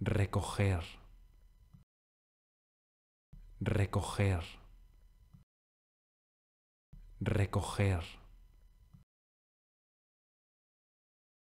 recoger, recoger, recoger.